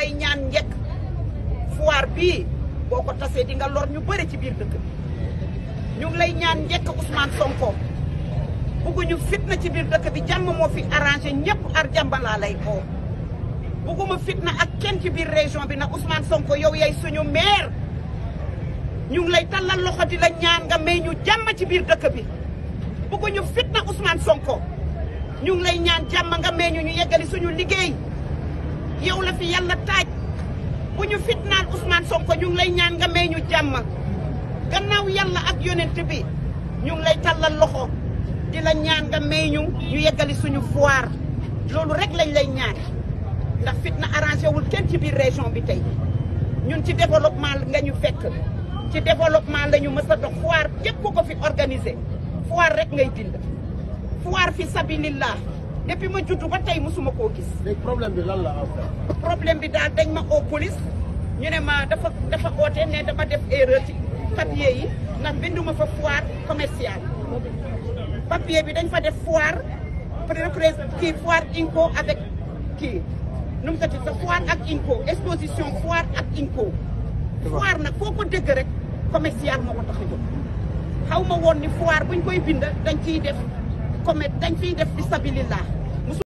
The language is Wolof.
lay ñaan njëkk foire bii boo ko tasee di nga lor ñu bëri ci biir dëkk bi ñu ngi lay ñaan njëkk Ousmane Sonko bugguñu fitna ci biir dëkk bi jàmm moo fi arrangé ñëpp ar jàmbalaa lay oo bugguma fitna ak kenn ci biir région bi nag Ousmane Sonko yow yay suñu maire ñu lay tallal loxo di la ñaan nga may jàmm ci biir dëkk bi bugguñu fitna Ousmane Sonko ñu lay ñaan jàmm nga may ñu ñu suñu liggéey yow la fi yàlla taaj bu ñu fitnaan Ousmane Sonko ñu ngi lay ñaan nga may ñu jàmm gannaaw yàlla ak yonent bi ñu ngi lay tàllal loxo di la ñaan nga may ñu ñu suñu foire loolu rek lañ lay ñaan ndax fitna arrangé wul kenn ci biir région bi tey ñun ci développement nga ñu fekk ci développement lañu ñu a dox foire képp ku ko fi organisé foire rek ngay dind foire fi sabilillah depuis ma juddu ba tey mosuma koo gis. léegi problème bi lan la en bi daal dañ ma oo police ñu ne ma dafa dafa oote ne dama def erreur ci yi ndax binduma fa foire commerciale papier bi dañ fa def foire pré kii foire INCO avec kii nu mu ko tudd foire ak INCO exposition foire ak INCO. foire nag foo ko dégg rek commercial moo tax a xaw ma woon ni foire buñ koy bind dañ ciy def comme dañ ciy def bisabilillah